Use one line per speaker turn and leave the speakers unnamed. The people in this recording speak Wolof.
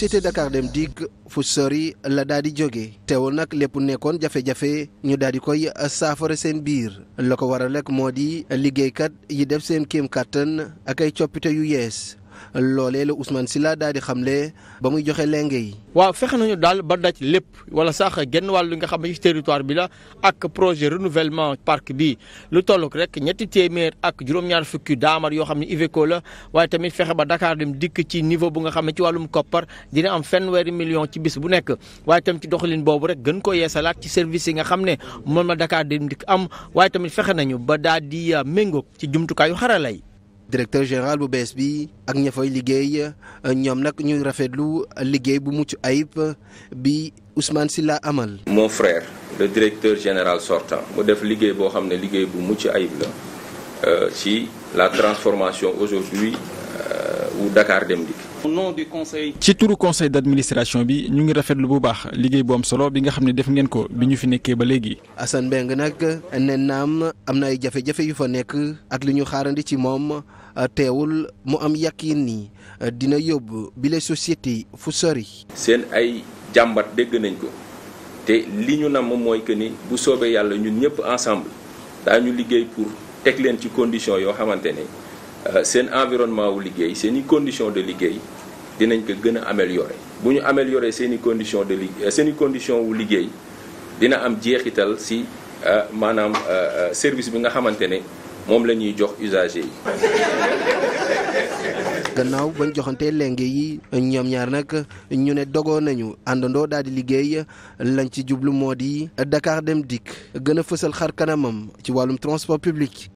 cité Dakar Dem Dikk fu sori la daal di jóge teewul nag lépp nekkoon jafe-jafe ñu daal di koy saafara seen biir la ko war a rek moo di liggéeykat yi def seen kéem kàttan ak ay coppite yu yees loolee la Ousmane Sylla daal di xamle ba muy joxe lenge yi.
waaw fexe nañu daal ba daj lépp wala sax genn wàll nga xam ne ci territoire bi la ak projet renouvellement parc bi lu tolluk rek ñetti téeméer ak juróom-ñaar fukki daamar yoo xam ne Iveco la waaye tamit fexe ba dakaar dem dikk ci niveau bu nga xam ne ci wàllum koppar dina am fanweeri million ci bis bu nekk waaye tamit ci doxalin boobu rek gën ko yeesalaat ci service yi nga xam ne mën la Dakar dem am waaye tamit fexe nañu ba daal di uh, méngoog ci jumtukaayu xarala
yi directeur général bu bees bi ak ña fay liggéey ñoom nag ñu rafetlu liggéey bu mucc ayib bi Ousmane Sylla amal.
mon frère le directeur général sortant mu def liggéey boo xam ne liggéey bu mucc ayib la si euh, la transformation aujourd'hui ou Dakar Dem Dikk. ci turu conseil d' administration bi ñu ngi rafetlu bu baax liggéey bu am solo bi nga xam ne def ngeen ko bi ñu fi nekkee ba léegi.
Assane Mbengue nag ne naam am na ay jafe-jafe yu fa nekk ak li ñu xaarandi ci moom teewul mu am yàqin ni dina yóbbu bile société fu sori.
seen ay jàmbat dégg nañ ko te li ñu nam mooy que ni bu soobee yàlla ñun ñëpp ensemble ñu liggéey pour teg leen ci condition yoo xamante ne. Euh, seen environnement wu liggéey seen i conditions de liggéey dinañ ko gën a améliorer bu ñu améliorer seen i conditions de liggéey euh, seen i conditions wu dina am jeexital si euh, maanaam service bi nga xamante ne moom la ñuy jox usagers yi.
gannaaw bañ joxante lenge yi ñoom ñaar nag ñu ne dogoo nañu àndandoo daal di liggéey lañ ci jublu moo di Dakar dem dikk gën a fësal xar kanamam ci wàllum transport public.